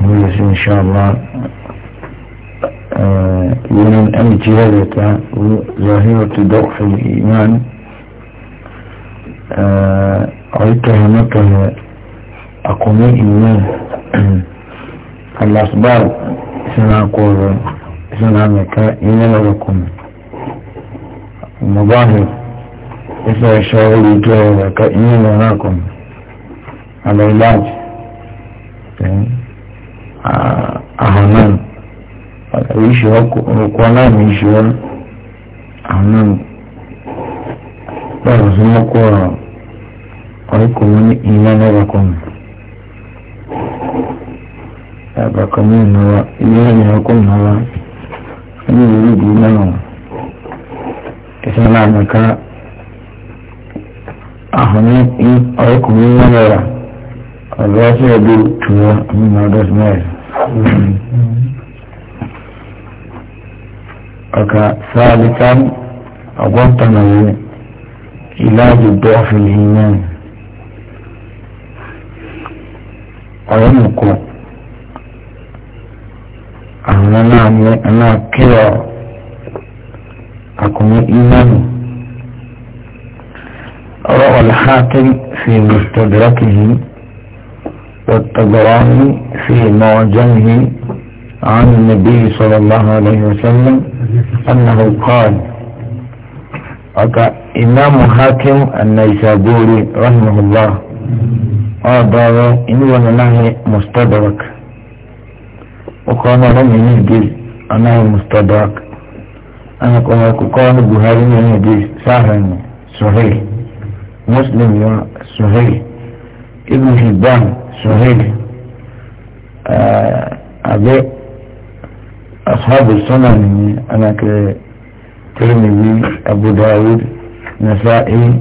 Burası inşallah bunun e, en civarında bu zahiratı dokfil iman ayıtı hınakı akumi iman al-asbar sana koru sana meka inel olakum mubahir ise şahul ito olaka inel olakum al-ilaç Ah, àwọn náà pàtàkì ìṣe ọkọ̀ aláìní ìṣe wọn àwọn náà báwo sí wọn kó ọ̀ẹ́kọ̀ wọn ní ìmọ̀ náà wà kọ́nù yàtọ̀ kan ní ìnáwó ilé ìnáwó kọ́ ìnáwó ẹni ìlú ìdí náà ìṣẹ̀lẹ̀ àmì ká àwọn ní ọ̀ẹ́kọ̀ ní ìmọ̀ náà wà. Allah sai ya bi tuwa muna da smile aka salikan a guantanamo ilaji dofin hinan ọ̀rẹ́ nìkan àwọn náà kíọ̀ akùnrin ìmánu ọ̀rọ̀ ọ̀lẹ́hàkẹ́ fi mùsùlùmí والطبراني في معجمه عن النبي صلى الله عليه وسلم أنه قال أتى إمام حاكم النيسابوري رحمه الله قال إن ونناه مستدرك وقال لم يجد أنا مستدرك أنا قال بهاري نجد سهل صحيح مسلم صحيح ابن حبان سهيل آه، أبي أصحاب السنن أنا كترمذي أبو داود نسائي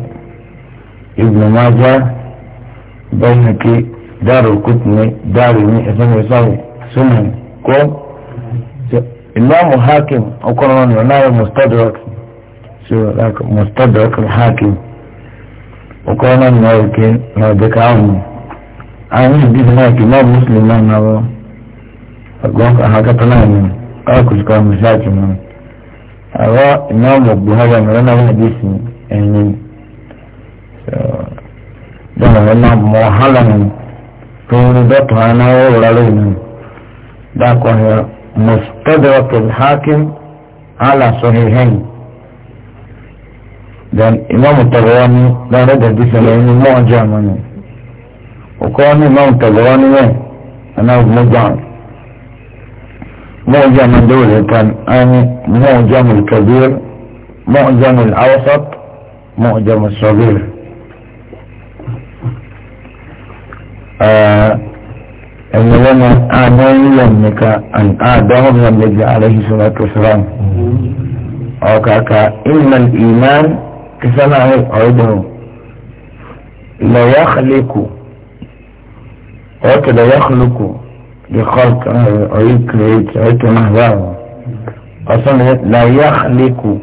ابن ماجه بينك دار الكتن دار المئة سنة سنن كم إمام حاكم أو من ينال مستدرك مستدرك الحاكم وقال من يمكن ما ذكرهم àwọn ìbí ní máa kì máa mùsùlùmí máa ń lọ ọgbọ́n àhákátá náà ni ọkùnrin kan mùsùlùmí mọ́ àwa ìmáàmù buhari àmọ́lá náà wà dé sí ẹ̀yìn dọ́nà wọn náà mọ̀ hálà nù tó ń rí dọ́tọ̀ àná ọ̀rọ̀ rẹ̀ nù dákọ̀ ẹ̀ mùsùlùmí tó hákìm hálà sọ̀hìn hẹ́yìn then ìmáàmù tọ̀rọ̀ wọn ní lọ́rọ̀ dẹ̀ mọ́ ọjọ́ àmọ́ nù. وكان إمام طبراني أنا موجع من دول كان آه، أنا موجع الكبير موجع الأوسط موجع الصغير إن لنا أنا يملك أن آدم يملك عليه الصلاة والسلام أو كاكا إن الإيمان كسمعه أعده لا يخلق هكذا يخلق لخلق ريكريت يكريت أو أصلا لا يخلق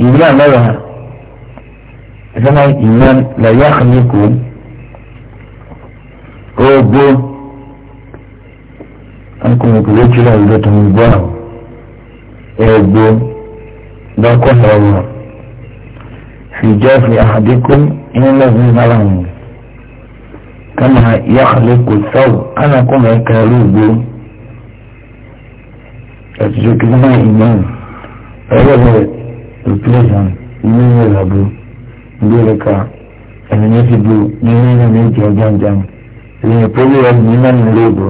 إيمان لها إذا إيمان لا يخلق أوبو أنكم يقولون لا يدتهم الله أوبو لا كهرباء في جاف لأحدكم إن الذين ظلموا kama yakhliqu saw ana kuma karugo atijo kizima iman ẹgbẹ́ replacement iman yóò rabu ìbéèrè ka ẹnìyẹn ti bu nínú iná ní ìjẹ jàǹjàǹ lẹ́yìn pẹ̀lú ẹ̀ ní iná ní lébo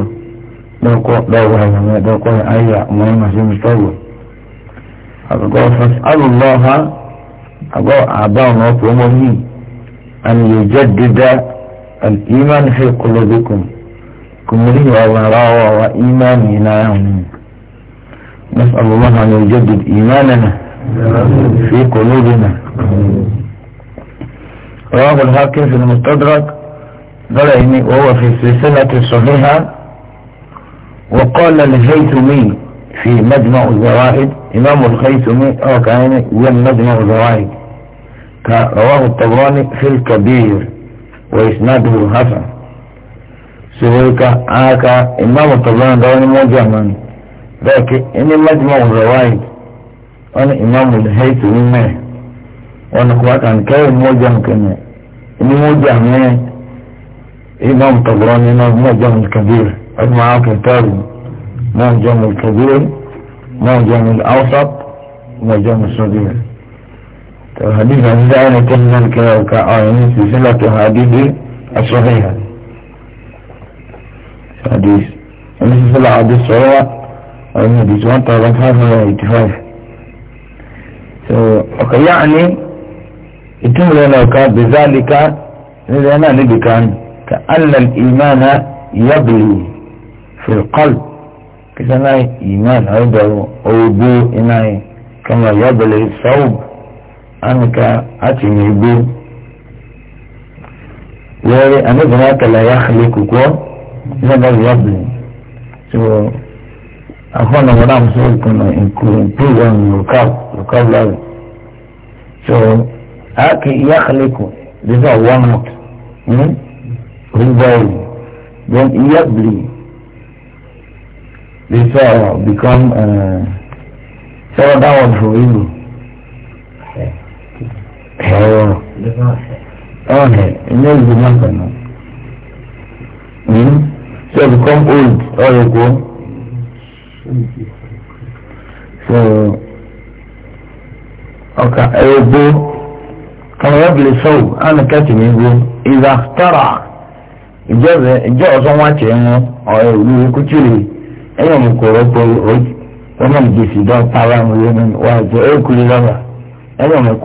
dọ́kọ́ dọ́wọ́ àyàmọ́ dọ́kọ́ àyà ọmọ ẹ̀ màṣẹ́ mi sọ́wọ́ àgbẹ̀kọ́ fún alùlọ́ha àgbọ̀ àbá ọ̀nà ọ̀pọ̀ ọmọ yìí àni yóò jẹ́ dídá. الإيمان في قلوبكم كمري وغراء وإيمان هنا نسأل الله أن يجدد إيماننا في قلوبنا رواه الحاكم في المستدرك قال إني وهو في السلسلة الصحيحة وقال الهيثمي في مجمع الزوائد إمام الهيثمي أو كان هو مجمع الزوائد رواه الطبراني في الكبير وإسناده حسن سويك آكا إمام الطبراني دوني مجمع لكن إن مجمع الروايد أنا إمام الهيث منه وأنا قوات عن كيف مجمع كنا إن مجمع منه إمام الطبراني إمام مجمع الكبير أجمع كتاب مجمع الكبير مجمع الأوسط مجمع الصغير حديث عن حدیث كنا كأعين سلسلة حديث الصحيحة حديث سلسلة حديث صحيحة أو حديث وانت رفعها اتفاق so, يعني يتم لنا بذلك لنا نبي كان كأن الإيمان يبلو في القلب كسنا إيمان هذا أو بو إناي كما يبلو الصوب anka ati ne igbo lori anabi na kala ya haliku ko na ga ya bi so afọ na wada musu ko na improve on local local level so aki ya haliku this is one out hmm then yabli this all become uh, so that one for ẹ̀rọ oh. ọ̀hẹ̀ oh, so I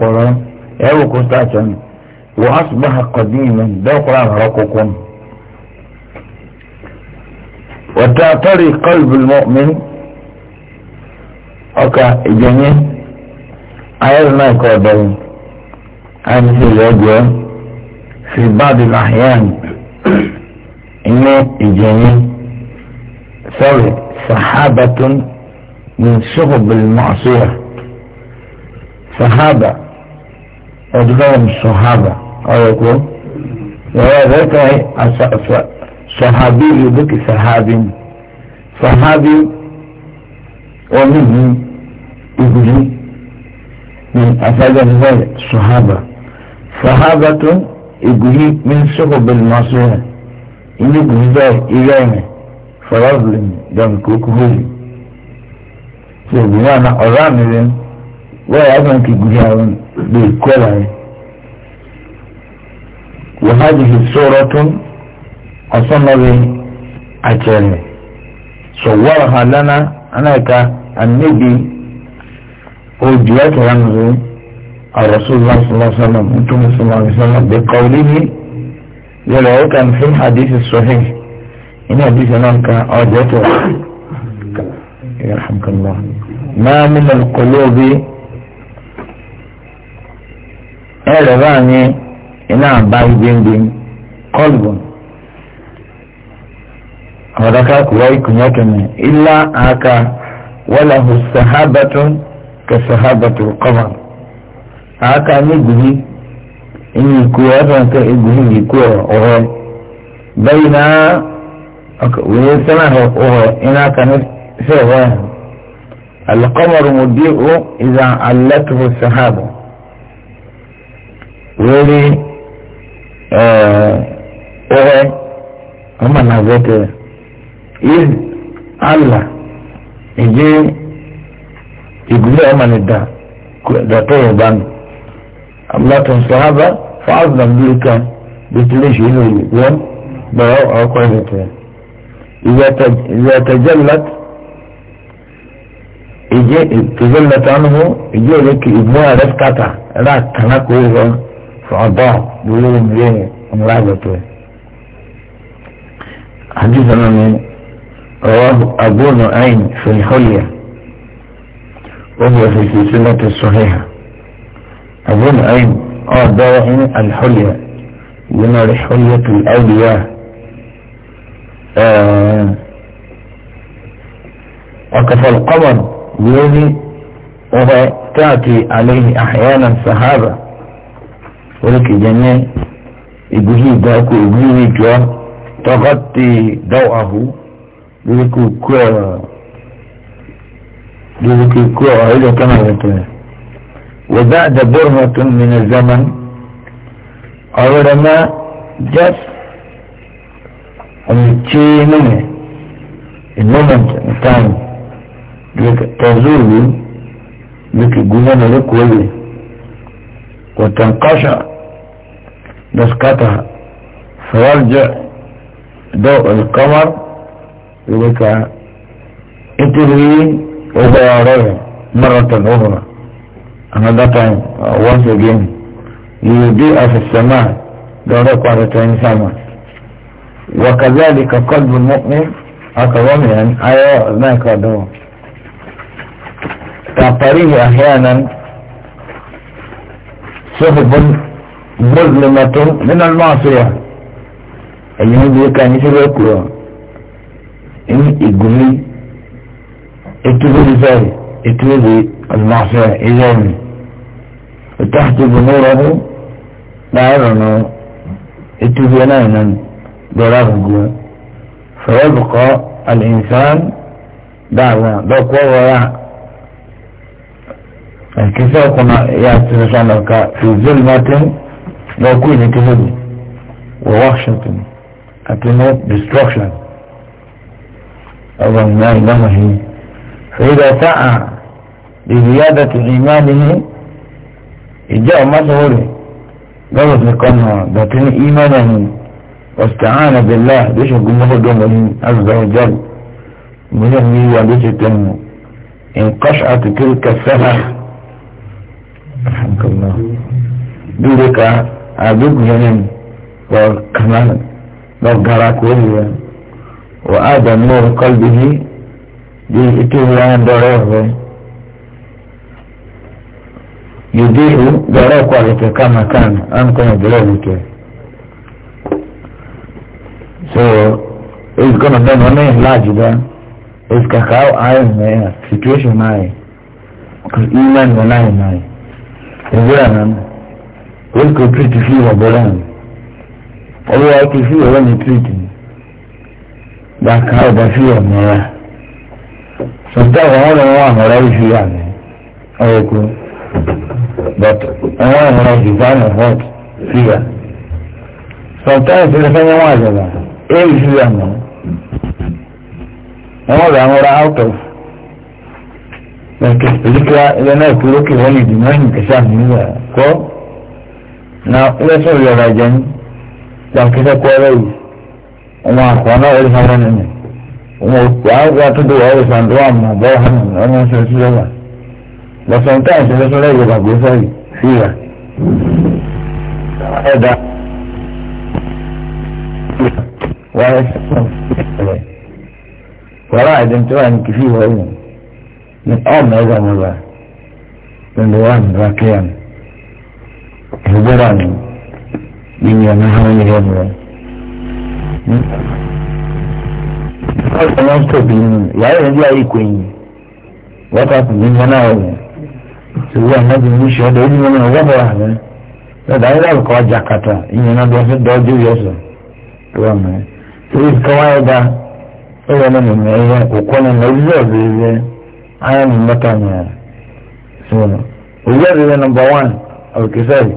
so او أيوة كتاتا واصبح قديما دوقرا هرقكم وتعتري قلب المؤمن أكا جنين ايال ما يقول عن في الوجه في بعض الاحيان انه جنين ثوري صحابة من شغب المعصية صحابة أجمعهم الصحابة أيكم وذلك صحابي يبكي صحابي صحابي ومنه ابني من أفاد الرواية صحابة صحابة ابني من سحب المعصية إن ابني إيجاني فرض دم كوكولي سيدنا أرامي wọ́n yà kàn kì gùdà wọn lè kọ́ la yẹn. wàhálì fi sọ̀rọ̀ tó ọ̀sánmọ́bí àjẹrẹ̀ sọ̀wọ́ ọ̀hánlánà anáìka àníbi ojú ẹ̀kẹ́rẹ́ nìyí àrọ̀sọ́lá sọ̀lọ́sọ́lá nítorí sọ̀lọ́sọ́lá bẹ́ẹ̀ kọ́ orí mi yẹlẹ̀ ó kàn fi hadith sọ̀hìn iná hadith náà ka ọ̀jẹ̀ tó. ما من القلوب ẹ̀rẹ̀ bá ní iná àbá gbíngbín kọlùbùn ọ̀dọ́ká kùwá ìkùnyẹ́kẹ̀mẹ̀ ilá àáka wọ́lá hù sàhábàtún kẹsàhábàtù kọ́mà àáka ní gbìyí inú ikú ẹ̀fọn kẹ ìgbìyí ikú ọ̀hẹ́ bẹ́yìn náà wòye sẹ́nà ọ̀hẹ́ iná kan fẹ́ wọ́n alqamaru mudi'u iza allatuhu sahaba wéri ọ̀rẹ́ ọmọ náà bẹ́tẹ̀ yìí àlà ìdí ìgbìlẹ̀ ọmọ ní da dàtọ̀ yẹn bá mi àbúlátọ̀ sọ̀hábà fáwọn àbúlé kan bìtìlẹ̀ ṣe inú ìlú wọn bẹ̀rẹ̀ ọkọ̀ ìrètẹ̀ ìwé ẹ̀tẹ̀jẹ̀ lát ìjẹ́ ìtẹ̀jẹ̀ lát ánú ìjẹ́ òlékè ìgbọ́n rẹ̀ kàtà ẹ̀rọ àkànná kò rí rọrùn. فعضاء لهم ليه مراجعته حديثنا من رواه أبو نعيم في الحلية وهو في السلسلة الصحيحة أبو نعيم أعضاء الحلية لما حلية الأولياء آه القمر يومي وهو تأتي عليه أحيانا سحابة oríkè jẹnyẹ ìbúhí ìdáko ìbúhí ìjọ tọkọtì dáwàhù lórí kò kú ẹ lórí kò kú ẹ ọ̀rẹ́dọ̀ kan àwọn ẹ̀tọ́ yẹn. wọ́dà àdàbọ̀rọ̀ tó ń mìíràn zaman ọ̀rọ̀ rẹ̀ má jẹ́ ọ̀nà tí mímẹ́ in moment in time lórí tọ́zúùlù lórí kò gúnmọ́ lórí kò wọlé نسقطها فيرجع ضوء القمر لك تلوين وبيارين مرة أخرى another time uh, once again يضيء في السماء دورك مرتين سماء وكذلك قلب المؤمن أكرم يعني أيوة ما يكادوا تعطيه أحيانا سحب مظلمة من المعصية ẹ̀yìn كان ká ní sílẹ̀ kúrò ní ìgúnlé إتبوذي sáré ètùbẹ̀rẹ̀ المعصية إذن وتحت بنوره لا يرونه اتبينانا برغبه فيبقى الإنسان دعوة دوكوا ويا الكساء كما يأتي في ظلمة na ọkụ enyekehebe wọ washington àti north destruction ọba nna ìlànà yìí fèrè ọ̀tá à lèyí yàtọ̀ tó ìmọ̀ àdéhìí ìjọ ọmọdéwò rẹ̀ lọ́wọ́ sí kọ́nà dọ̀tí ní ìmọ̀ náà yìí ọ̀sítàhán àbẹ̀lá lóṣogùn mọ́kọ́dọ̀ wọ̀nyí azọ̀rọ̀ jáde mílíọ̀n ní ìwà lóṣè tẹ̀wọ̀n ìǹkọ́ṣ àti agbègbè yẹn lọ kàmá lọ gara kó yẹ wọ adam ní orúkọ bìbí bí ètò ìwé wọn dọrọ ọrẹ yòdì ìlú dọrọ ọkọ àlùkò kàmá kàn ánkọ́nà ìbílẹ̀ so it's gonna be one in large there it's how iron there situation nine because even iman wala nine ìwúrà náà wọ́n kò tírìtì sí ìwà bọ́lá ni ọlọ́wà kì í sí ìwà ní tírìtì bá ká ọba sí ìwà mọ́ra sọ̀tà àwọn ọ̀rọ̀ wọn àmọ́ra yìí sí ìwà ni ọ̀rọ̀ kú but àwọn àmọ́ra yìí bá ní hot sí ìwà sọ̀tà ìṣẹ̀lẹ̀ fẹ́ wọn àjọba èyí sí ìwà mọ́ wọn rà wọn rà out of like a spiritual ẹ̀rọ náà kúrò kí wọ́n lè dì mọ́ ìyìnkẹ́sà nígbà kọ́ na wẹ́sọ̀ yọ̀rọ̀ ẹ̀jẹ̀ ní jàǹkẹ́sẹ̀ kọ́ ẹ̀rọ yìí wọn àkọ́ náà wọlé sáwọn ẹni nì wọn àwọn àtúndò wà wọ́n sàn tó wà mọ̀ bọ́ hàn ní ọmọ ṣe sí yọ̀wà but sometimes wẹ́sọ̀ rẹ̀ yọ̀rọ̀ àgbẹ̀ sọ̀rọ̀ sí yà ẹ̀dá wọ́n rẹ̀ sọ̀rọ̀ wọ́n àìdẹ́ntẹ́wà ní kìfì wọ́ọ̀yìn ní ọ̀mọ̀ ẹ̀dá mọ̀ bá ní wọ́n àmì ẹgbẹ́ra hmm? ni nínú ọ̀nà àwọn ilé ẹ̀mú rẹ̀. ọ̀sán náà tóbi nù ìyá rẹ̀ ní ayé ìkọ̀ yìí wọ́tàpù ní ìyá náà rẹ̀ ṣùgbọ́n àwọn ọmọdé ní ìṣọ́ ọ̀dọ̀ ìdíwọ́n náà wọ́n bọ̀ wà rẹ̀ lọ́dọ̀ ayé láàbùkọ́ ọjà kàtà ìyẹn náà bẹ́ẹ̀ fún dọ́jú yọ̀sọ̀ tó wà mọ́ torí kọ́wáyé dá ó yẹ lọ́nà mẹ́rẹ́ òkú ọ̀nà ìlú ọ̀dọ̀ ìrẹ́ ayé mi mẹ́ta nìyẹn. òwúrọ̀ ìrẹ́ nọmba wán ọ̀kẹ́sẹ̀rì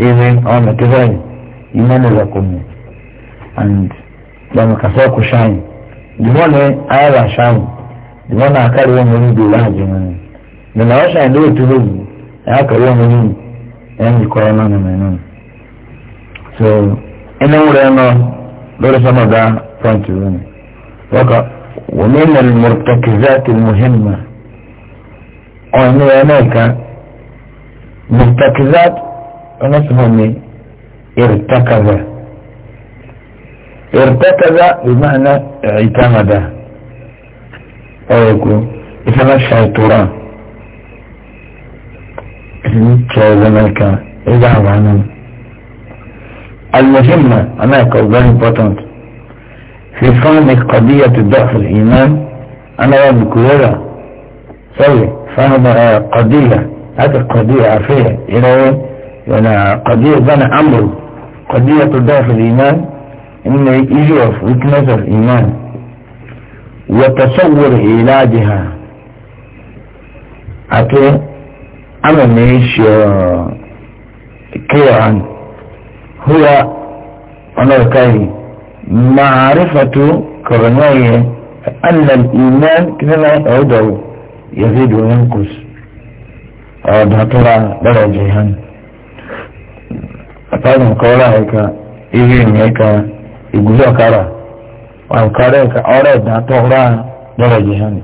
even on the divine imani za kumi and wamekasua kushine ndimone aya za shine ndimone akali uwo muri bilaje mwana ndinawasha ndio tulivu akali uwo muri yani kwa nani maneno so ina ureno lori sama da point zone waka ومن المرتكزات المهمة أو إنه ينايك مرتكزات ونسمهم ارتكز ارتكز بمعنى اعتمد او ويقول إذا الشيطان شيطان إذا عنا المهمة انا كوزان important في فهم قضية ضعف الإيمان أنا يا بكويرا سوي فهم قضية هذه القضية عفية إلى وين yana qadiyya bana amru qadiyya to daf al iman in the issue of weakness of iman wa tasawwur ilajiha ate ama mesh kiran huwa anarkai معرفة كرنية أن الإيمان كما يعود يزيد وينقص أو ترى درجة هن atawai ka haika irin haika iguzo kara wa kare ka aure da tawra dara jihani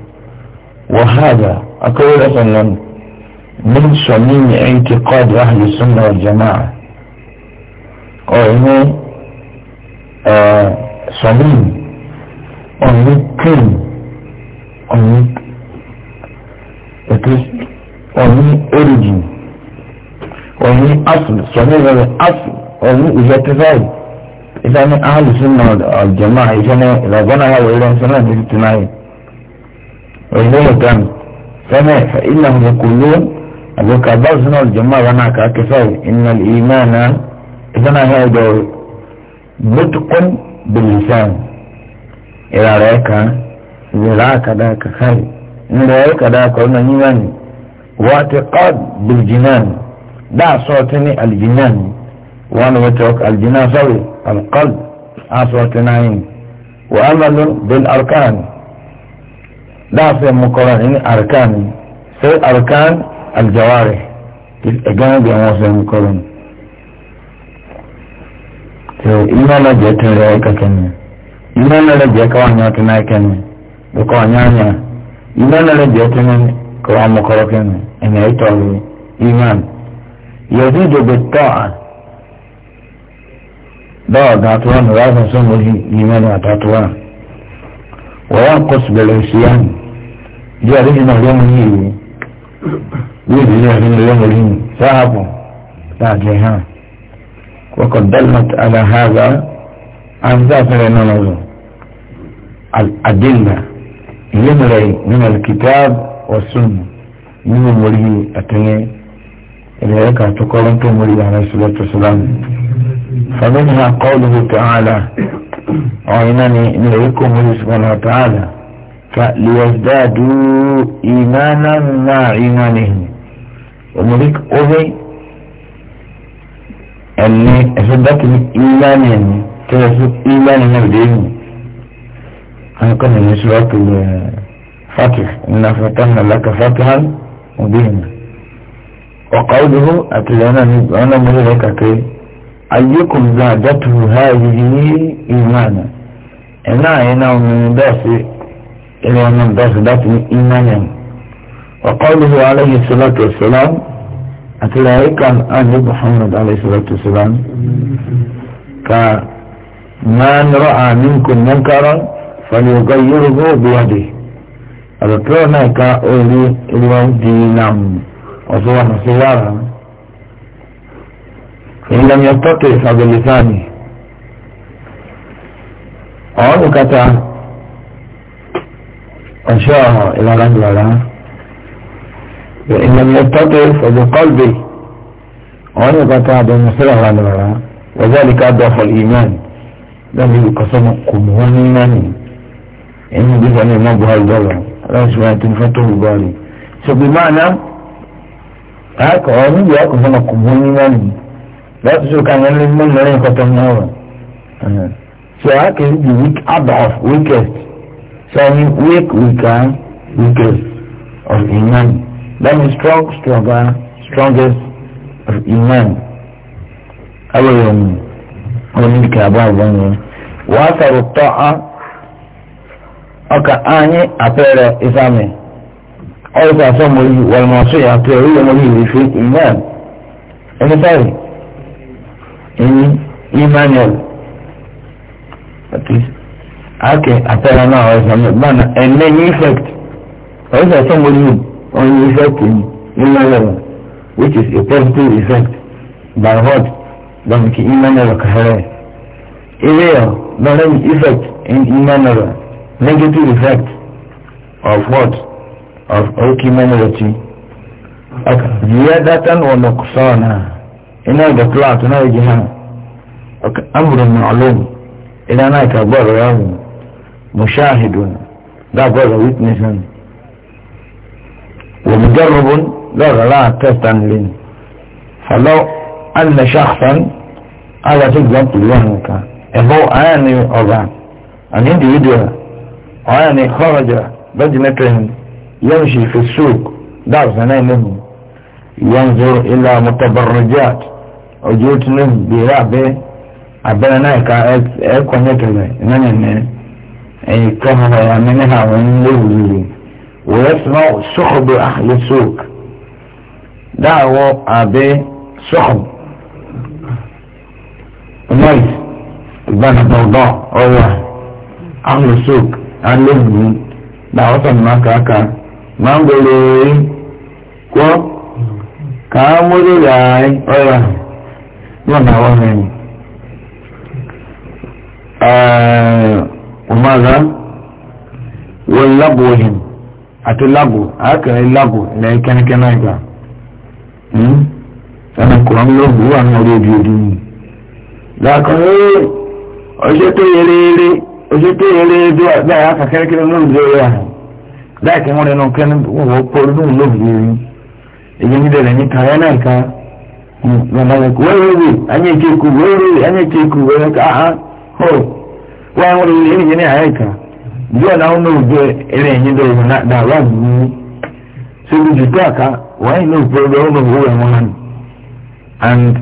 wa hada akwai rasulun min shamin intiqad ahli sunna jamaa o ni eh shamin on origin ọ̀hún asùn sọ̀mí ìrọ̀lẹ́ asùn ọ̀hún ìfẹ́tífáì ìfẹ́ni ahàlùsùnà ọ̀jọ̀mọ́ ìfẹ́ni ìlàgbọ́nà àwọn ìrọ̀ sọ́nà ní tuntun náà ọ̀hún ìlọ̀gán sọ́mí ìlà ìrọ̀kùnlé àgbẹ̀kà báwùsùnà ọ̀jọ̀mọ́ àwọn akákẹ́fẹ́ ìnà ìmáàna ìfẹ́ni ahàlùdọ̀ bótukọ́n bìlìsàn ìràrẹ̀ kan ìrà kàdá kàkàrì ìrà kàdá kọ́ da asọtini aljinan wani wata waka aljinan sawi alqal asọtina yin wa amalun bil arkan da sai mukoran ni arkan sai arkan aljawari gane da yawa sai mukoran to ina na je tun da ka kenan ina na je ka wani wata na kenan da ka wani ina na je tun ka wani mukoran kenan ina ita iman يزيد بالطاعة بعد عطوان رأس صمره لمن عطوان وينقص بالعصيان جاء رجل اليوم الهيري ويجي رجل اليوم الهيري صعب بعدها وقد دلت على هذا عن ذات نمز الأدلة يمري من الكتاب والسنة من المريه التنين إليك تقارن تمري عليه الصلاة والسلام فمنها قوله تعالى عينني إليكم سبحانه وتعالى فليزدادوا إيمانا مع إيمانهم ومريك أوهي اللي من إيمانهم تلسل إيمان بدين أنا من سورة الفاتح إنا فتحنا لك فاتحا مبينا وقوله أتلانا أنا ملكك أيكم زادته هذه إيمانا إنا هنا من داس إلى من داس داس إيمانا وقوله عليه الصلاة والسلام أتلاك أن محمد عليه الصلاة والسلام كمن رأى منكم منكرا فليغيره بيده أتلاك أولي اليوم دينام وصوح سيارة فإن لم يستطع فبلسانه أو كتا أشاره إلى رجل وإن لم يستطع فبقلبه أو كتا بمسرع رجل وذلك أضعف الإيمان لم يقسم قبوان إيمانه إن بفن ما بها الدولة لا شوية فتح الباري فبمعنى haka wani ya ku zama kubuni wani za su so kan yanin mun na rin kwatan yawa so haka yi the week above weakest so ni weak weaker weakest of iman then strong stronger strongest of iman awayen wani ka ba wani wasa ruta'a aka ani a fere isame ọ̀rọ̀ kan fún ọmọ yìí wà lọ́mọ sọ yà pé orí ọmọ yìí fi iman ẹni báyìí ẹni emmanuel àkè àtẹ̀rẹ̀ náà ọ̀rọ̀ kan náà gbọ́n ẹ̀nà effect ọ̀rọ̀ kan yìí ọ̀rọ̀ yìí effect emmanuel which is a positive effect by what bàmìkì emmanuel kàrẹ́ ilé ọ̀ lọ́rẹ́ effect in emmanuel negative effect of what auki mamaci ziyadatan wa nuqsana ina da kula tana da jihan amrun ma'lum ina na ka gwara yawo mushahidun da gwara witnessin wa mujarrabun da rala testan lin falau anna shakhsan ala tijjabtu yahanka ebo ayani oga an individual ayani kharaja bajinatuhin يمشي في السوق دار زمان منهم ينظر إلى متبرجات وجوت نس برابة abẹ́rẹ́ náà ẹ̀ka ẹ̀kọ́ na na ẹ̀ka ọ̀hún ẹ̀yà mẹ́ni ha wọ́n ń léwu abe wọ́n yẹ sọ́nà sọ́kọ̀bù àyè sọ́ọ̀k dáàwọ̀ àbẹ́ sọ́kọ̀bù noise ìbánidọ́dọ́ ọ̀wà aka mangoro yi kwo ka amuru ya ọya yóò na wọn rẹ ọmọdé wọn lago ohin àti lago àákàrẹ lago ilẹ̀ kẹ́nẹ́kẹ́nẹ́ ìgbà ẹnì kọ́ ń lọ́gbù wà ní orí ibi òdi yìí lákàn ẹ ọjọ́ tó yẹrẹ yẹrẹ ọjọ́ tó yẹrẹ yẹrẹ bí láìpẹ́ wọn rẹnu kẹ́ni wọ́n pọ̀ lóun lóògì rí èyí ní dẹ̀rẹ̀ ní kàrẹ́ náà ká bàbá rẹ̀ kú wẹ́rẹ́wẹ́ anyẹ́ kéku wẹ́rẹ́wẹ́ anyẹ́ kéku wẹ́rẹ́ ká á hó wọ́n wọ́n rẹ̀ èyí ní àyẹ̀ ká bí ọ̀nà àwọn náà jẹ́ eré ẹ̀yìn dẹ̀rẹ̀ wọn dà wà ní àká wọ́n yìí náà wọ́n wọn and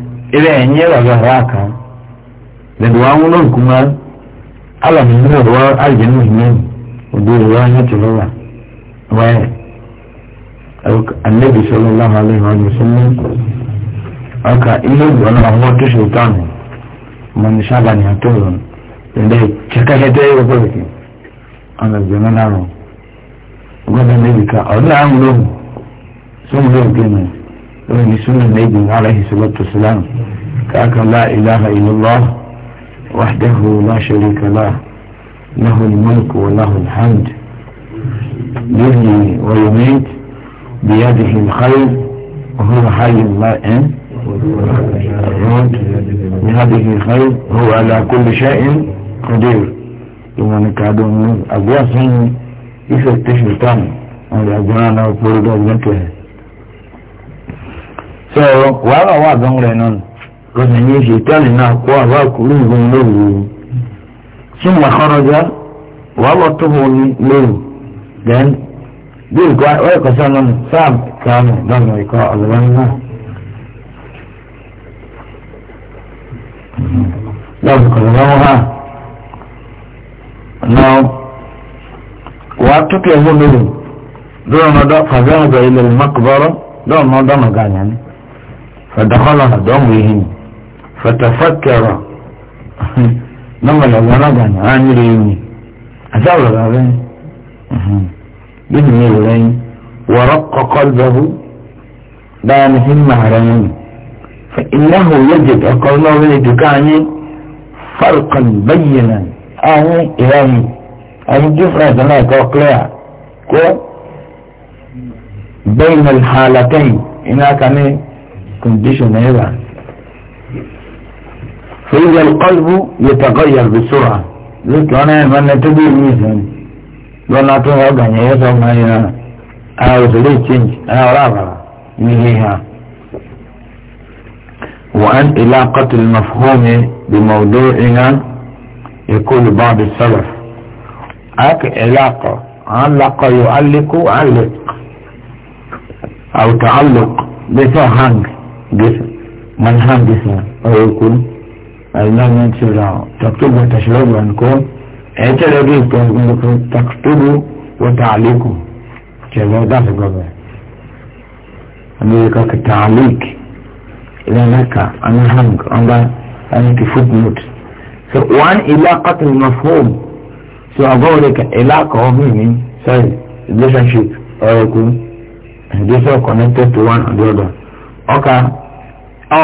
ẹ̀yìn àká النبي صلى الله عليه وسلم ọkà ilé ìgbọ́n náà wọ́n tó ṣe tánù mọ̀ ní sábà ní àtọ́rọ̀ ilé kẹ́kẹ́kẹ́tẹ́ yóò pẹ̀lú kí ọ̀nà ìgbọ́n náà rọ̀ gbọ́dọ̀ níbi ká ọ̀dọ́ àwọn olóhùn sóhun lóhùn kí ni lóhùn ní súnmọ̀ ní ìgbìn ara ìṣòro tó sílámù káàkà lá ìlàhà ìlúlọ́ wàhídẹ́hù láṣẹ̀ríkà lá láhùn mọ́lùkù wọ́n láhùn hàmdì يحيي ويميت بيده الخير وهو حي لا بهذه الخير هو على كل شيء قدير لما نكادوا من أقواسهم يفتش على والأجران وفرد وذكره so وعلى wà gan rẹ̀ náà lọ́sẹ̀ yìí ṣe tẹ́lẹ̀ náà kó àbá kúrú ìgbóhùn lóru súnmọ́ then bí nǹkan wọ́n kọ́ sọ́nà sáà kàánù lọ́nà ìkọ́ ọ̀lọ́wọ́ náà. na ìkọ́ ọ̀lọ́wọ́ náà. now wàá tókè ẹ̀hún lóru lọ́nà ọ̀dọ́ fàbíà ọ̀dọ́ ilẹ̀ mọ́kùbọ́rọ́ lọ́nà ọ̀dọ́ mọ̀gáyà ni fàdàkọ́lọ́ àdọ́mù yìí fàtàfàkẹ́rọ̀ lọ́nà ọ̀dọ́ mọ̀gáyà á nílé yìí àti àwòrán rẹ̀. بإذن الله ورق قلبه لا نهم مهرين فإنه يجد أقول الله لتكاني فرقا بينا أهل إلهي أهل جفرة ذلك وقلع كو بين الحالتين إنها كان كنديشن هذا فإذا القلب يتغير بسرعة لك أنا من تدير ميزاني لما tó wọ́n gànyẹ́ yẹ́ sọ ma yẹn ara òsè lè change ara ọ̀rọ̀ المفهوم بموضوعنا يقول بعض السلف أك علاقة علق يعلق علق أو تعلق بس هنج بس من هانج جسم أو يكون المعنى تكتب وتشرب ونكون ẹ̀ẹ́tẹ̀rẹ̀ bí ìpọ̀ngbọ̀ngbọ̀ takutubu wọ́ta àlékù jẹ̀lọ́ dáfẹ́ gọ́bẹ̀ amẹ́ríkà kẹta àlék ìlànàkà anahang ọba ẹnìkì footnote so one ilaqatul mafhum so agbọ́wọ́lẹ̀ ka ilaqa ọ̀hún ni sorry relationship ọ̀rẹ́kù and they are connected to one another ọkà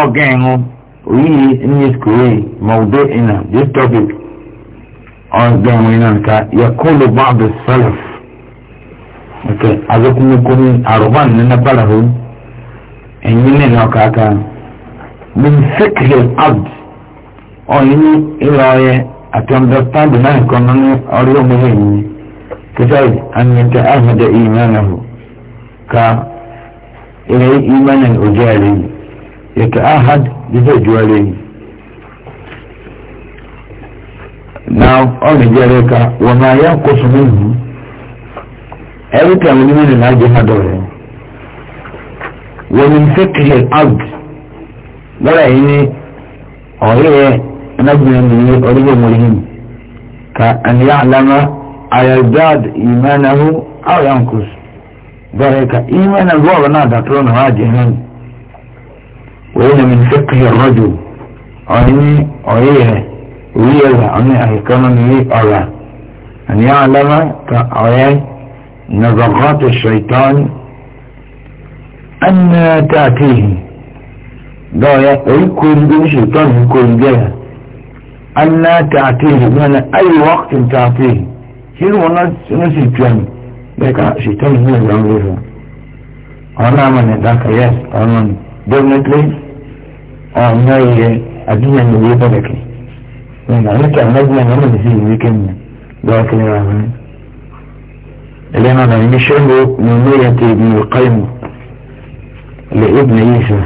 ọ̀gá ẹ̀hún oyin ní sukuu yìí mọ̀ọ́dẹ́ ìnà this topic ọ̀gbẹ́ wọn náà ká yakolo bàbá sálẹ̀f ọ̀kẹ́ azakunmukumi àrùbá nínú bàlàhó ẹ̀yìn nínú ọ̀kàkà bíi sèkìlì abd ọ̀yìn ìlọ ọ̀yẹ àti ọ̀ndọ̀stàndì náà nǹkan nínú ọ̀rẹ́ ọmọdé yìí kìtàì àmìntà ahmadu ìmánahu ká ilẹ̀ ìmánahu ojú àlẹ́ yìí yẹtà ahad jíjẹ́ ojú àlẹ́ yìí. now ọ̀nà ìjẹ́rẹ́ ká wọ́n máa yá kóso méjì ẹ̀rí tí àwọn onímọ̀ nìyẹn ajé fàdọ̀ rẹ̀ wọ́n ní fẹ́kìlì out lọ́la yìí ní ọ̀rẹ́ ẹ̀ ẹ̀nàgbìnrin mi ní orílẹ̀ mọ̀lẹ́yìn ka àníyá àlámà ayọ̀dáàd ìmọ̀nàhó àwòyànkùs bẹ̀rẹ̀ ka ìmọ̀nàhó ọ̀rọ̀ náà dàtúrọ̀ náà ajé hàn wọ́n ní fẹ́kìlì rọ́jò ọ̀rẹ́ ní ọ̀rẹ́ ẹ̀ ويلا أني أهكمن لي أرى أن يعلم كأعيان نزغات الشيطان أن تأتيه دعوة ويكون بين شيطان يكون جاها أن تأتيه بمعنى أي وقت تأتيه هل هو نسي الجن لك شيطان هو يعمله أنا من ذاك يس أنا من دونتلي أنا يه أدين من يبدأ يعني كان لازم نعمل زي ويكند ده كده يعني اللي انا ما نشره من نية ابن القيم لابن عيسى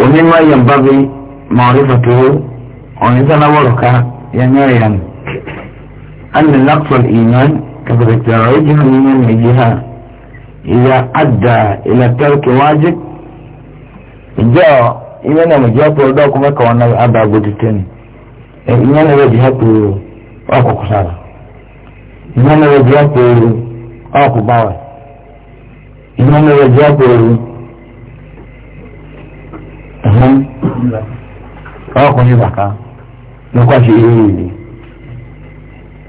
ومما ينبغي معرفته نورك ينايا أن نقص الإيمان كفتراجها من الجهة إذا أدى إلى ترك واجب جاء ìyẹn náà mọ̀jẹ́ àpòrò dọ́ọ̀kú mẹ́kà wọn náà abà gbòdì tẹ́nu ìyẹn náà wọ́n jẹ́ àpòrò ọ̀kọ̀kọ̀ sára ìyẹn náà wọ́n jẹ́ àpòrò ọ̀kọ̀ báwà ìyẹn náà wọ́n jẹ́ àpòrò ọ̀kọ̀ ní bàkà nípa ṣe eré ìlú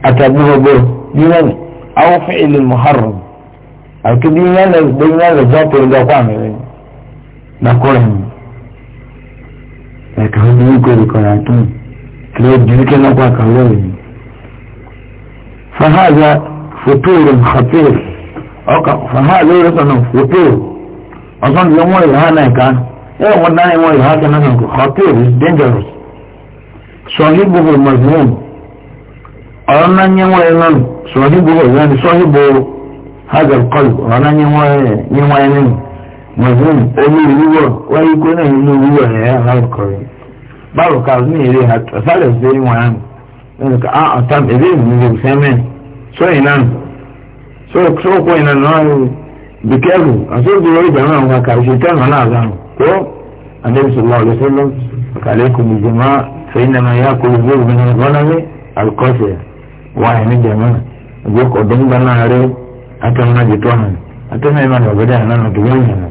àtàbí gbogbo yíyan àwọn fún ìlú muharram àti bí yíyan náà gbé yíyan náà jẹ́ àpòrò ẹ̀ka ń bí kò lè kọ̀ra tó lọ jù ú kẹ́lọ́pàá kan lọ́rùn yìí. fàhàzà fòtòrò hàpèrè ọkà fàhàzà ó rẹ́sọ̀nà fòtòrò ọ̀sán ló wọ́n ìhà náà ẹ̀ka ẹ̀ wọ́n náà wọ́n ìhà kan náà kò hàpèrè is dangerous. sọ̀hí gbogbo mazmum ọ̀rọ̀ náà nyẹ́ wọ́n ẹ̀ náà sọ̀hí gbogbo ìhà ni sọ̀hí gbogbo hàzà kọ́lù ọ̀rọ̀ náà nyẹ́ wọ́n ẹ̀ nínú. mọ̀hún omi wíwọ̀ wáyé kó náà inú wíwọ̀ yẹn yà láì kọ̀rọ̀ báwo ká ní ìrè àtọ̀ sálẹ̀ sí wọn àná lẹ́nu ká á ah, ọ̀tàm èdè ìmúlò sẹ́mẹ̀ sọ ìná sọ kó ìná náà bìkẹ́rù àsọ́jú lórí ìjàmbá àwọn kàkà ìṣètẹ́ ọ̀nà náà lánàá kó àdébísọ̀lá ọ̀lẹ́sọ̀lọ́ kàlẹ́kùn ìjọba fẹ́yìnàmá yà kó ìgbéró mi náà wọ́n náà alkọ́sẹ̀ wáyé ní jẹ̀mọ́ ìgbókòó dẹ́gbẹ́ náà rẹ̀ atọ́nà jẹ̀tọ́ hàn atọ́nà ìmọ̀ ọ̀gọ́dẹ́ àná nà tó wọ́n yàn náà.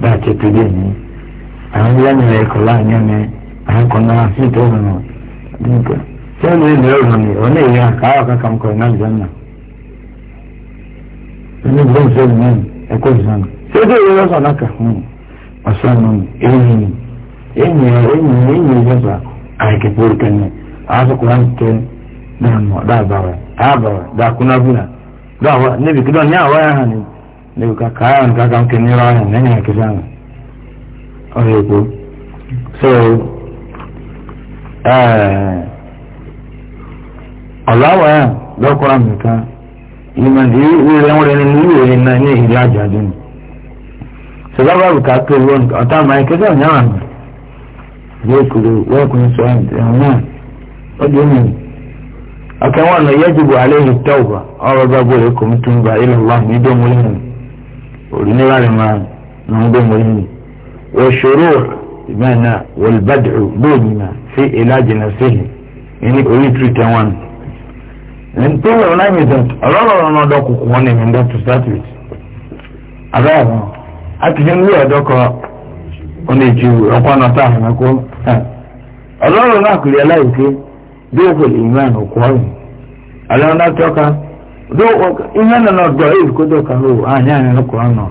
bá a ti pè dé àwọn yẹn ní ẹkọ láàyè ní náà sí tó nù nípa sẹ́nu ìlú ẹ̀rọ ni ọ̀nà ìyá káwọ́ kankan kọ̀ náà jẹ́ nà ẹni gbọ́n sẹ́nu ní ẹ̀kọ́ ìsànà sẹ́dí ìwé lọ́sàn náà kà fún ọ̀sán nù níbi kí ní àwọn ni. ne ka kaya ka kan ke ne ne ne ke o ko so eh do ka di ni na ni ila ja din so ba ba ka ke won mai ke ye ku wa ku so an na o di ni akan wannan yajibu alaihi tauba aw ba bo ko mutum ba ila allah ni do ورنوان ما ننضم إني والشروع بمعنى والبدع بيننا في علاج نفسه إني أريد ريتوان and people are like that a lot of them are not one in that to start with abẹ́ẹ̀mọ́ akíkí ń lé ọ̀dọ́kọ oníjù ọ̀pọ̀nà tá àmì kó ọlọ́run náà kìlẹ̀ aláìké bí ó kò lè yín àná kọ́ ọ̀run ọlọ́run náà tọ́ka do iná nana ọdọ èyí kó dọ kan lóò àní àní lọkọ ọnà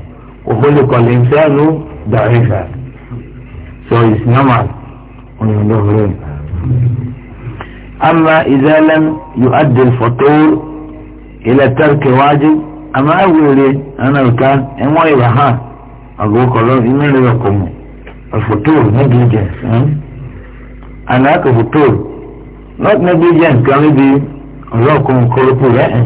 òhòlè kọlẹ so it's normal òyìnbó rẹ. أما إذا لم يؤدي الفطور إلى ترك واجب أما أقول لي أنا الكان إما إذا ها أقول كلام إما لكم الفطور negligence أنا أكل فطور not negligence كان لي ọlọ́kùnrin kọ́lọ́pù rẹ̀ ẹ̀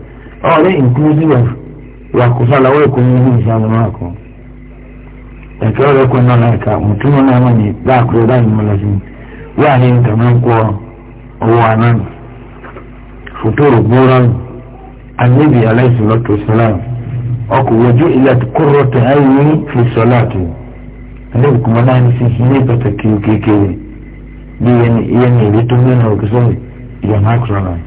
all oh, inclusive of wakusala wewe kumwingi sana wako lakini wale kwa nana ka mtume na mwenye da kuroda ni lazima wale kama kwa wana futuru bora annabi alayhi salatu wasalam ako waju ila qurratu ayni fi salati ndio kuma nani sisi ni pata kiukekele ni yani yani vitu mimi na ukisema ya makrona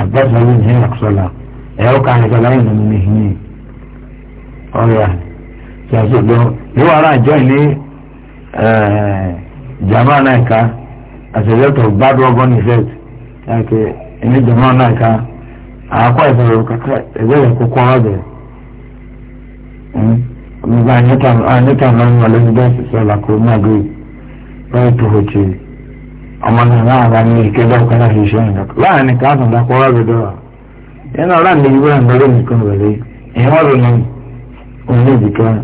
agbẹ́sọ̀ yìí ní ìyàkùsọ̀là ẹ̀rọ kan ní sọ̀lá ìnùnú ní ìhìn ọ̀rẹ́à tí a ṣe gbọ́ yóò wá ráàjọ ní jama náà ká àṣẹjọ́tọ̀ bad rubber effect ẹ̀kẹ́ ní jama náà ká àkọ́ ìfọ̀rọ̀ kàkà ẹgbẹ́ rẹ̀ kókó ọ̀rọ̀ bẹ̀rẹ̀ nígbà níta náà ń wọlé ní bẹ́ẹ̀ sọ̀lá kó ní àgbẹ̀ báyìí tó hó kiri. ọmọ náà láàbá ní ike dọ́kọ̀ náà ṣiṣẹ́ ìdọ́kọ̀ láàrin káàtàn dákọ̀ wá bẹ̀dọ̀ yẹn náà láàrin ìgbà ìgbàlódé nìkan wẹ̀lẹ́ ìyẹn wọ́n lọ́nà òun ìdí kan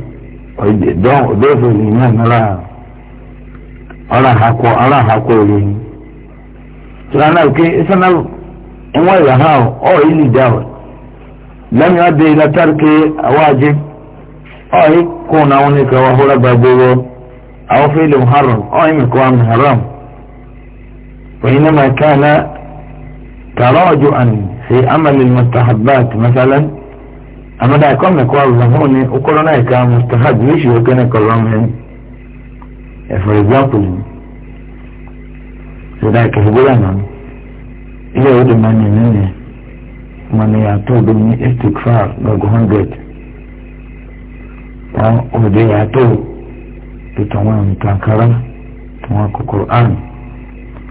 ọ̀dọ́fọ̀ ìyẹn náà ọ̀rọ̀ àhàkọ́ òye ni. sọ̀rọ̀ ha ni وإنما كان تراجعا في عمل المستحبات مثلا أما دا يكون نقوال زهوني وقلنا يكا مستحب ليش يكون يكرمهم for example سيداك هبولانا إلا يود ماني مني ماني يعطوه بني استكفار لغو هندرد وهو دي يعطوه بتوان تنكرم تنكرم القرآن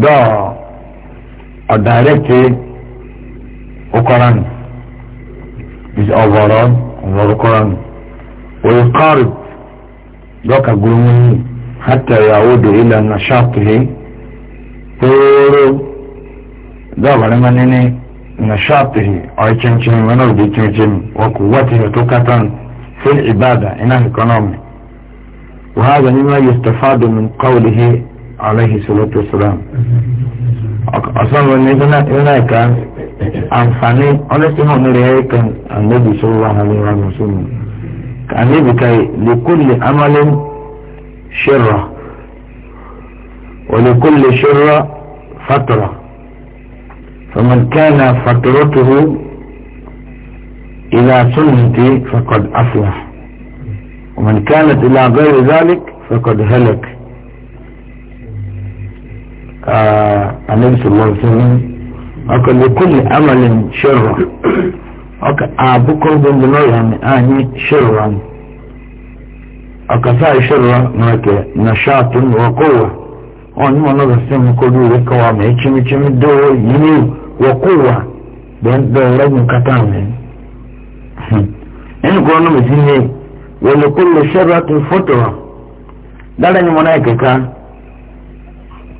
دا او دایرکتی او قرآن بیز او باران او قرآن و اقارب دا که گرومی حتی یعود الى نشاطه تورو دا برمان اینه نشاطه آی چن چن منو دی چن چن و قوته و توکتان فی العبادة اینه اکنامه وهذا مما يستفاد من قوله عليه الصلاة والسلام أصلا ونبنا هناك أنفاني أنا سمع رأيك النبي صلى الله عليه وسلم كان يبكي لكل عمل شرة ولكل شرة فترة فمن كان فترته إلى سنتي فقد أفلح ومن كانت إلى غير ذلك فقد هلك anabi sallallahu alaihi wasallam ọkọ lukuli amalin shirra ọkọ abukọ gbogbo lọrọ mi anyi shirra ni ọkọ sáà shirra nọkẹ na ṣaatun wọkọwà wọn ni wọn lọrọ sí mi kó lóore kọwà mẹ kyimikyimi dọwọ yìí wọkọwà bẹẹrẹ mi kata mi ẹnì kan náà mi ti ní wọlé kó lè shirra tó fọtọ dára wọn náà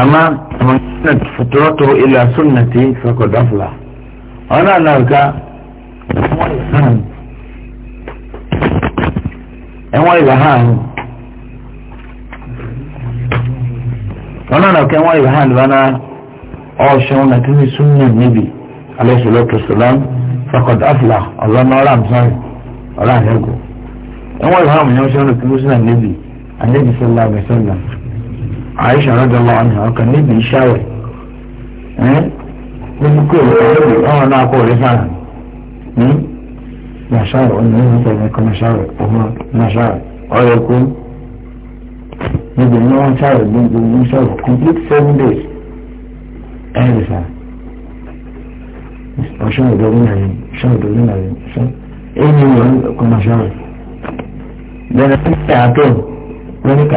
amma man kanat ila sunnati ana ka aisha radiyallahu anha ọkàn níbi ìṣàwẹ̀ lójú kó èyí kan lóbi ọ̀rọ̀ náà kó rí sára ní nàṣàrẹ̀ ọ̀nà ìlú tẹ̀lé kan nàṣàrẹ̀ ọmọ nàṣàrẹ̀ ọ̀rẹ́ kú níbi ní wọ́n sáré gbogbo ní sọ̀rọ̀ complete seven days ẹ̀rì sára ọ̀ṣọ́ ìdọ́gbọ́n náà yẹn ọ̀ṣọ́ ìdọ́gbọ́n náà yẹn ọ̀ṣọ́ ni wọ́n kọ́ nàṣàrẹ̀ bẹ́ẹ̀ ni kí ni àtọ́ wọn ni kà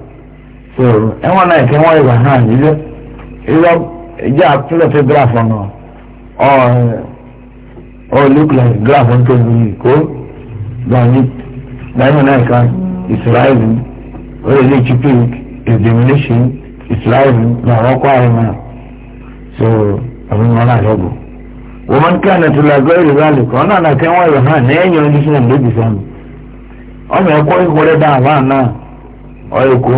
so ẹwọn náà kí wọn ìwà náà nílé irọ ìjà graph gíráfù ọ̀nà ọ̀ look like gíráfù ń tóbi kó granite lẹ́yìn náà kan israeli orí ilé chipik examination israeli làwọn kọ́ àrùn náà so àwọn ọmọ náà lọ́gùn wọ́n ká ní tó lágbó ìrìbálì kan náà nàkẹ́ wọ́n ìwà náà ní ẹ̀yìn oníṣẹ́ ìlú ìbísàn ọmọ ẹ̀kọ́ ìkórè dáhùn náà ọ̀ẹ́kọ́.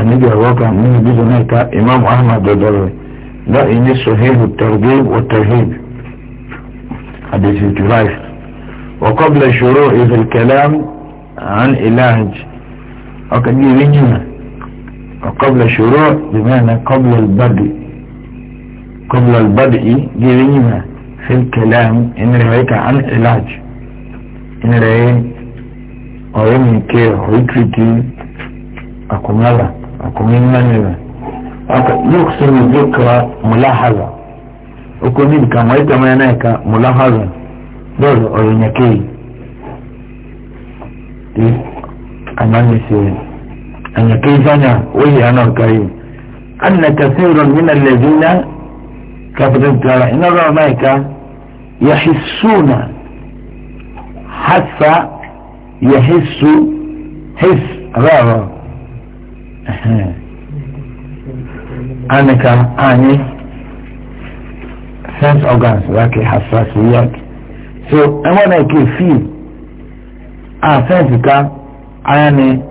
النبي الواقع من يجوز هناك إمام أحمد ضرر لا ينس الصحيح الترغيب والترهيب حديث الجرايف وقبل شروع في الكلام عن اله وقد يلينا وقبل شروع بمعنى قبل البدء قبل البدء يلينا في الكلام إن رأيك عن علاج إن رأيك أو يمكن كير ويكريتي أكملها وكمين من يبا يقسم الذكرى ملاحظة وكمين كما يتما ملاحظة دور أولينيكي أنا نسير أن كيف أنا وهي أنا كريم أن كثير من الذين كفرت على رأيك يحسون حتى يحس حس رأى anika anyị sense organs like hasasiyat so enwe na eke feel a sense ka anya ni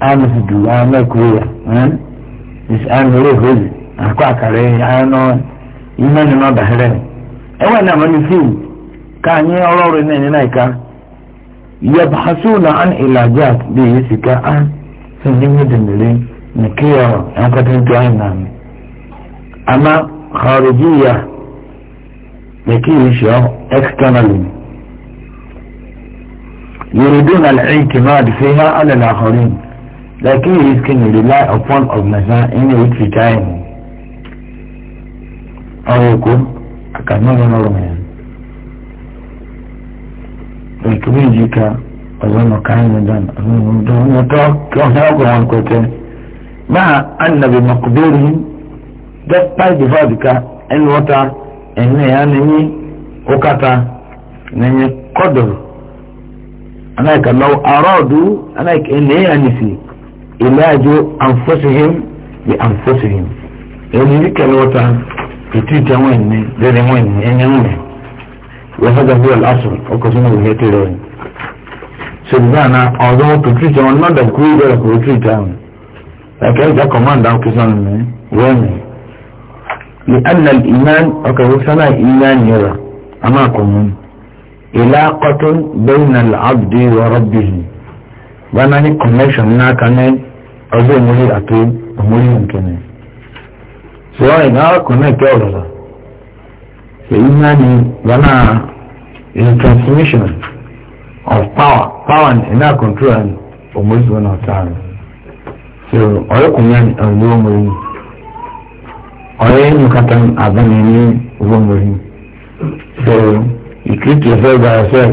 anusudu anya mekuru ya eh? is anya ore holy akọ akara anya nọ ime nọ n'ọdahere enwe na mmanụ feel ka anyị ọrụ ọrụ na-enye na ika yabhasuna an ilajat dị isi ka ah sinjimi dindiri ni kiyawa yan katin tuwayin na mi amma kharijiya da kiyi shi yau externally yuridun al'itimad fiha ala al-akharin the key is can you rely upon organization in which time awo ko akanna na أظن كان يدان أظن كان ما أن بمقدورهم ده بعد ذلك الوتر إن يعني وكتا يعني قدر أنا لو أرادوا أنا إن يعني في علاج أنفسهم بأنفسهم يعني ذيك الوتر يتيجا وين ذي وين يعني وين وهذا هو الأصل وكذلك هي تيرين sèbìbáàna ọ̀dọ́ tó tìrìtì wọn náà dàkú ìgbẹ́ ẹ̀kọ́ tìrìtì àwọn ẹ̀kẹ́ ìjà kọ̀mándà ọ̀kẹ́sán mi wẹ́ẹ̀mì lè ànà ìmán ọkọ̀ ìwòsàn ìmán yẹra àmà kọ̀mọ́n ìlà kọ́tún bẹ́ẹ̀nà làbdì wọ́rọ̀ bìhì báná ní connection náà kan ní ọdún ìmúlẹ̀ àti ìmúlẹ̀ nkẹ́ni sọ́ọ́ ìgbà kọ̀nẹ́kẹ́ ọ̀rọ̀ ìmán ni báná in transmission of power power in that control and almost one of time so ọ̀rẹ́kùnrin ni ọ̀rẹ́ wọn wọ̀nyí ọ̀rẹ́ nìkata abẹ́ni ní wọn wọ̀nyí so you treat yourself by yourself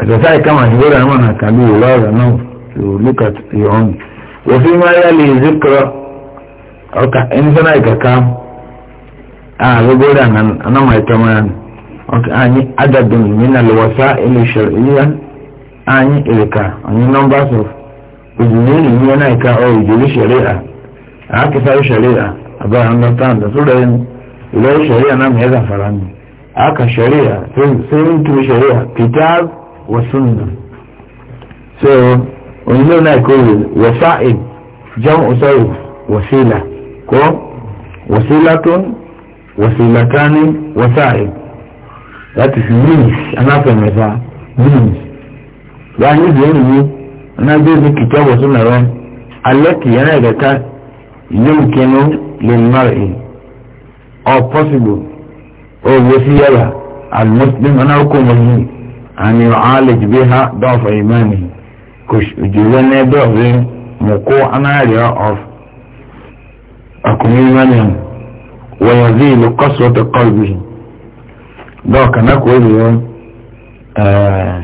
exercise kama ṣe wọ́n àwọn àkàlù ìwọ́n ọ̀rẹ́ náà to look at your own òfin máa yá lè zikọrọ ọkà ẹni sọ́nà ìkàkà àgbégbó rẹ̀ àná àná máa tọ́ máa ní. أني عدد min الوسائل sharia أني ilka أني numbers of ojúlélì ní ọ̀nà ìka ọ̀ ìjòlè ṣẹ̀ríà àákẹ́sáré ṣẹ̀ríà àbá understand sódà ẹni sharia na náà mi ẹ̀dà aka sharia sai ṣẹ̀ríà tu sharia kitab wa sunna so òyìnbó náà kò wò wọ̀sáì jẹun ọ̀sọ́rì wọ̀sílà kọ́ wọ̀sílà tó that is means anáfẹ̀mẹ̀fà means wàá ní ìdí ẹ̀rù yìí anábẹ́ẹ̀bí kìtọ́ wọ̀ sínú ẹ̀rọ alẹ́ kì yẹn náà kẹta ìlú kẹnu lè mọ̀rẹ̀ ẹ̀ all possible owó sí yàrá almuslim anáwókò mọ̀ yìí àmì ọ̀hánlẹ̀ jìbí ha dọ́ọ̀fà ìmánì kò jùlọ ní dọ́ọ̀fẹ́ mọ̀kó anáyàrá of ọkùnrin mọ́nìyàn wọ̀nyẹ̀dí ìlú kọ́sùrọ̀tà kọ́lbì yìí. dɔw kana k'o de yɔ ɛɛ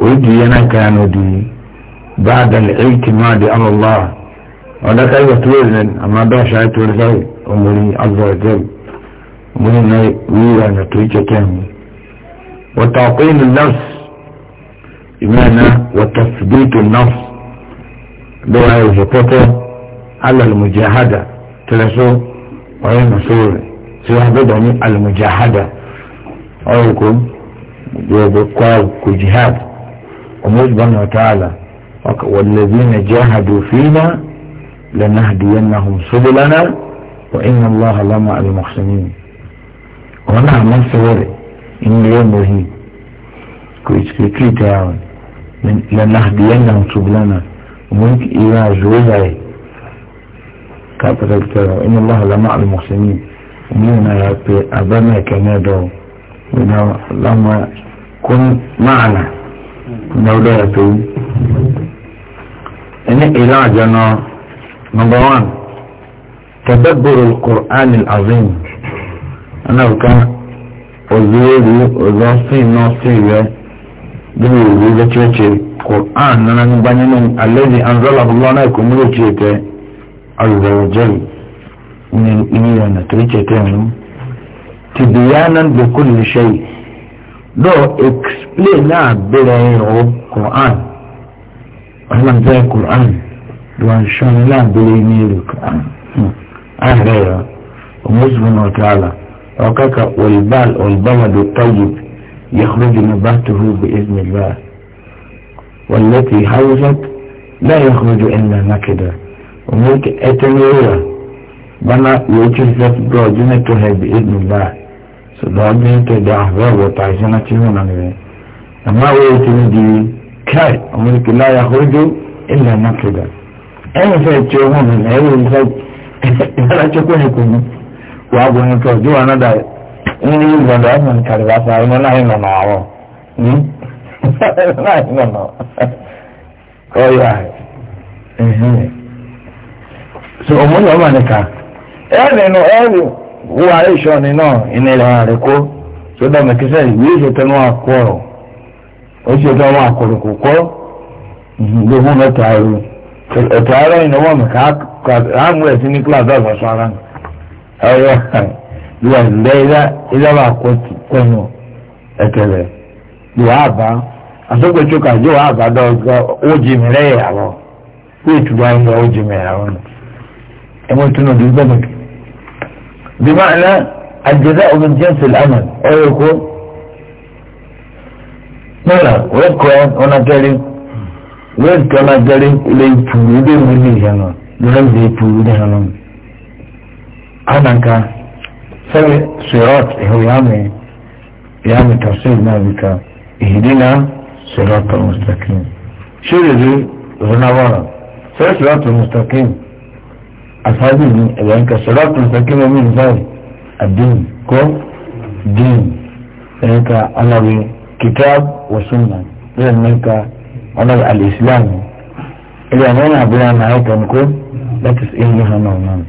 o di yɛnɛ kan o di baada le eyi ti ma di alala o da ka yi wa tuuri ne ama dɔw saa tuuri sayi o muri azɔzɛl muri na wiira na tuuri cɛ kɛn mu wa taakuyi ni nafs imana wa tasbiitu nafs dɔw ayi o pɔtɔ ala mujahada tɛrɛso o ye na soore sɛ wa bɛ dɔn ni alimujahada. أيكم وبقوا كجهاد ومن سبحانه وتعالى والذين جاهدوا فينا لنهدينهم سبلنا وإن الله لما المحسنين وانا من سوري إن اليوم وهي كويس كي تعاون لنهدينهم سبلنا ومنك إلى زوجي كابتل إن الله لمع المحسنين ومن أبانا كنادو اللهم كن معنا مولاي تو ان علاجنا نمبر 1 تدبر القران العظيم انا كان ozuru ozosi nosi rẹ bíi òru lẹ́tíọ́tì quran nana ní gbanyẹnu alẹ́ni anzala ọlọ́run náà kò múlò tiẹ̀ tẹ alùpàá ọjọ́ yìí ní ilé ọ̀nà tó ń tiẹ̀ tẹ̀ ọ̀hún. تبيانا بكل شيء لو اكسبلين بلايرو قرآن أهلا زي قرآن دوان شان لا بلايني القرآن أهلا ومسلم وتعالى وكاكا والبال والبلد الطيب يخرج نباته بإذن الله والتي حوزت لا يخرج إلا نكدا وملك أتنيرة bana yóò fẹ́ dọ́ ọdún mẹ́tọ́ ẹ̀bí ẹ̀dùn ńlá ṣùgbọ́n ọdún mẹ́tọ́ ẹ̀dá àwọn ọ̀rọ̀ ta iṣẹ́ náà ti hùn nàní rẹ̀ àmọ́ àwọn ètò mi di káì ọmọ ìpè láyà hójú ilẹ̀ náà kéda ẹ̀yìn fẹ́ tí ó hùn nínú ẹ̀yìn fẹ́ ìbára chọ́kọ́ ní kùnú wàá bọ̀ ní kọ́ ọdún àná dà ní ìgbàdọ̀ ẹ̀mọ̀ nkàrí wá sa ẹ̀mọ̀ náà ìnọ̀nà àwọ̀ ọ̀yà ọmọ yọ̀ ọmọ nìkan. ẹ̀rìn ẹ̀rìn wúwa ẹ̀ṣọ́ ni náà iná rẹ̀ kó ìwé náà kọ́ ọ̀rọ̀ ó ṣètò àwọn àkọ́rọ̀kọ́ kọ́ lóhùn mẹ́ta ẹ̀rù ẹ̀tọ́ ara ìnáwó mẹ́ka àmú ẹ̀sìn ní kíláàsì àgbàṣọ ara ẹ̀rọ ìwà ìlẹ̀ ìdábà kọ́nù ẹ̀tẹ̀lẹ̀ ìwà àbá àsọ̀gbẹ̀tsọ́kà àbá rẹ̀ yà lọ lọ بمعنى الجزاء من جنس الأمل أو يكون نرى ويكون هنا كريم ويذكر ما كريم اللي يتولي دي مولي هنا لغاية يتولي دي هنا أنا كا سوي صراط هو يامي يامي تفسير ما بك اهدنا صراط المستقيم شو يجي غنوانا ورا صراط المستقيم asabi ni ẹ̀yà ń ka sọ̀rọ̀tù sẹ́kẹ́mọ̀ mi nìbáyì àdín kọ́ dín ẹ̀yà ń ka ọ̀nàwé kitab wa sunna ẹ̀yà ń ka ọ̀nàwé alìsílám ẹ̀yà ń ka àbúrò àná ẹ̀ka ń kọ́ láti ṣe ẹ̀yìn hàn náà náà.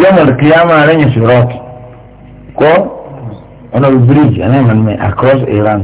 yọmọ kìyàmà rẹ̀ ń sọ̀rọ̀tù kọ́ ọ̀nàwé bíríjì ẹ̀ náà mọ̀ ní across iran.